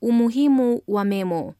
Umuhimu wa memo.